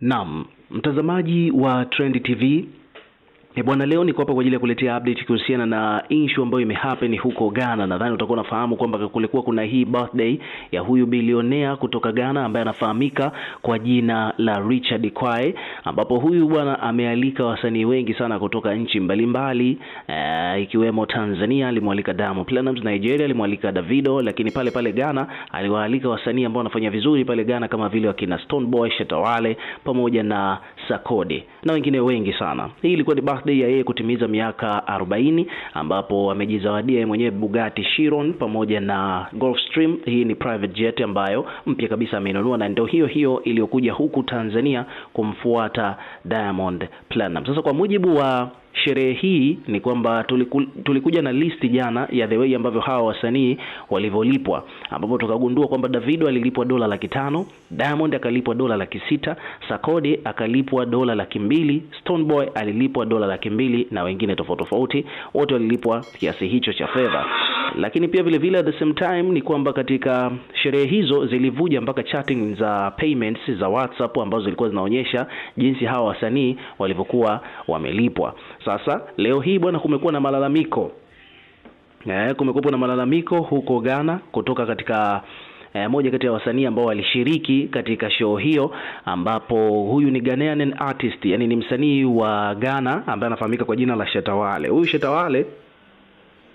Naam, mtazamaji wa Trend TV E bwana, leo niko hapa kwa ajili ya kuletea update kuhusiana na issue ambayo imehappen huko Ghana. Nadhani utakuwa unafahamu kwamba kulikuwa kuna hii birthday ya huyu bilionea kutoka Ghana ambaye anafahamika kwa jina la Richard Kwae, ambapo huyu bwana amealika wasanii wengi sana kutoka nchi mbalimbali e, ikiwemo Tanzania alimwalika Diamond Platnumz, Nigeria alimwalika Davido, lakini pale pale Ghana aliwaalika wasanii ambao wanafanya vizuri pale Ghana kama vile wakina Stonebwoy, Shetawale pamoja na Sakodi na wengine wengi sana. Hii ilikuwa ni birthday birthday ya yeye kutimiza miaka 40 ambapo amejizawadia yeye mwenyewe Bugatti Chiron pamoja na Gulfstream. Hii ni private jet ambayo mpya kabisa amenunua na ndio hiyo hiyo iliyokuja huku Tanzania kumfuata Diamond Platinum. Sasa kwa mujibu wa sherehe hii ni kwamba tuliku, tulikuja na listi jana ya the way ambavyo hawa wasanii walivyolipwa, ambapo tukagundua kwamba Davido alilipwa dola laki tano, Diamond akalipwa dola laki sita, Sakodi akalipwa dola laki mbili, Stoneboy alilipwa dola laki mbili na wengine tofauti tofauti, wote walilipwa kiasi hicho cha fedha. Lakini pia vile vile at the same time ni kwamba katika sherehe hizo zilivuja mpaka chatting za payments za WhatsApp ambazo zilikuwa zinaonyesha jinsi hawa wasanii walivyokuwa wamelipwa. Sasa leo hii bwana, kumekuwa na malalamiko eh, kumekuwa na malalamiko huko Ghana kutoka katika eh, moja kati ya wasanii ambao walishiriki katika show hiyo, ambapo huyu ni Ghanaian artist, yani ni msanii wa Ghana ambaye anafahamika kwa jina la Shetawale. Huyu Shetawale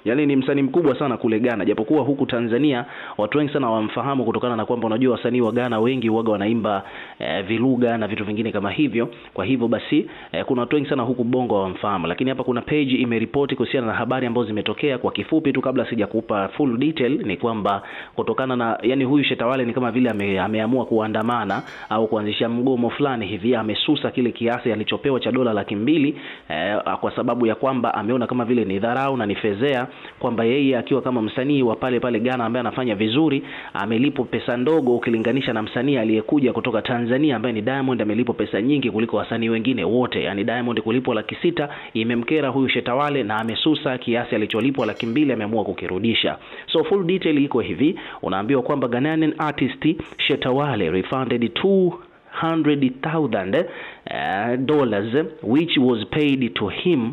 yaani ni msanii mkubwa sana kule Ghana, japokuwa huku Tanzania watu wengi sana wamfahamu kutokana na kwamba unajua wasanii wa Ghana wengi huaga wanaimba e, eh, vilugha na vitu vingine kama hivyo. Kwa hivyo basi e, kuna watu wengi sana huku Bongo wamfahamu, lakini hapa kuna page imeripoti kuhusiana na habari ambazo zimetokea. Kwa kifupi tu, kabla sijakupa full detail, ni kwamba kutokana na yani, huyu Shetawale ni kama vile ame, ameamua kuandamana au kuanzisha mgomo fulani hivi, amesusa kile kiasi alichopewa cha dola laki mbili e, kwa sababu ya kwamba ameona kama vile ni dharau na ni fezea kwamba yeye akiwa kama msanii wa pale pale Ghana ambaye anafanya vizuri amelipwa pesa ndogo ukilinganisha na msanii aliyekuja kutoka Tanzania ambaye ni Diamond, amelipwa pesa nyingi kuliko wasanii wengine wote. Yani Diamond kulipwa laki sita imemkera huyu Shetawale na amesusa kiasi alicholipwa laki mbili ameamua kukirudisha. So full detail iko hivi, unaambiwa kwamba Ghanaian artist Shetawale refunded two 100,000 eh, dollars which was paid to him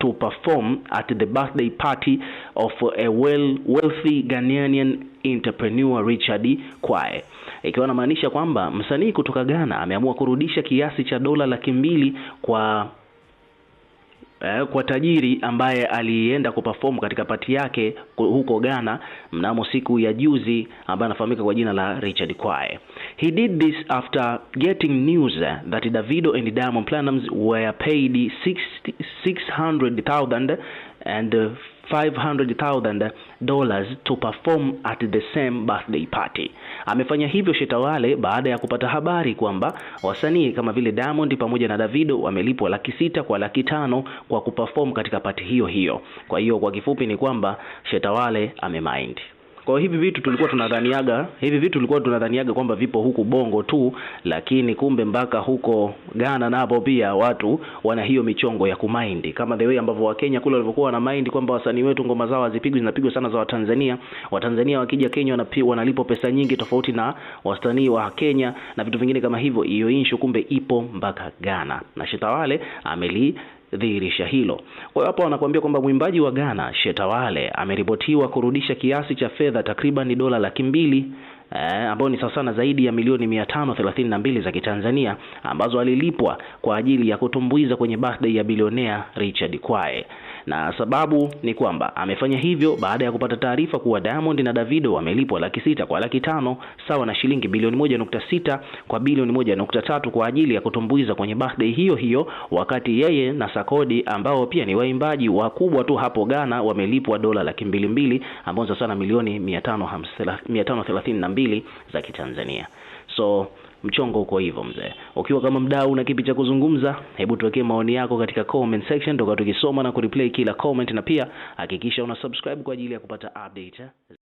to perform at the birthday party of a well, wealthy Ghanaian entrepreneur Richard Kwae, ikiwa anamaanisha kwamba msanii kutoka Ghana ameamua kurudisha kiasi cha dola laki mbili kwa eh, kwa tajiri ambaye alienda kuperform katika pati yake huko Ghana mnamo siku ya juzi ambaye anafahamika kwa jina la Richard Kwae. He did this after getting news that Davido and Diamond Platnumz were paid 600,000 and $500,000 uh, to perform at the same birthday party. Amefanya hivyo Shetawale baada ya kupata habari kwamba wasanii kama vile Diamond pamoja na Davido wamelipwa laki sita kwa laki tano kwa kuperform katika pati hiyo hiyo. Kwa hiyo kwa kifupi ni kwamba Shetawale amemind. Kwa hivi vitu tulikuwa tunadhaniaga, hivi vitu tulikuwa tunadhaniaga kwamba vipo huku Bongo tu, lakini kumbe mpaka huko Ghana napo pia watu wana hiyo michongo ya kumaindi, kama the way ambavyo Wakenya kule walivyokuwa wana mind kwamba wasanii wetu ngoma zao hazipigwi, zinapigwa sana za Watanzania. Watanzania wakija Kenya wanalipwa pesa nyingi tofauti na wasanii wa Kenya na vitu vingine kama hivyo. Hiyo issue kumbe ipo mpaka Ghana, na Shetawale ameli dhihirisha hilo. Kwa hiyo hapa wanakuambia kwamba mwimbaji wa Ghana Shetawale ameripotiwa kurudisha kiasi cha fedha takriban dola laki mbili eh, ambayo ni sawa na zaidi ya milioni 532 za Kitanzania ambazo alilipwa kwa ajili ya kutumbuiza kwenye birthday ya bilionea Richard Kwae na sababu ni kwamba amefanya hivyo baada ya kupata taarifa kuwa Diamond na Davido wamelipwa laki sita kwa laki tano sawa na shilingi bilioni moja nukta sita kwa bilioni moja nukta tatu kwa ajili ya kutumbuiza kwenye birthday hiyo hiyo, wakati yeye na sakodi ambao pia ni waimbaji wakubwa tu hapo Ghana wamelipwa dola laki mbili mbili ambazo sawa na milioni mia tano thelathini na mbili za Kitanzania so mchongo uko hivyo mzee. Ukiwa kama mdau na kipi cha kuzungumza, hebu tuwekee maoni yako katika comment section, toka tukisoma na kureplay kila comment, na pia hakikisha una subscribe kwa ajili ya kupata update.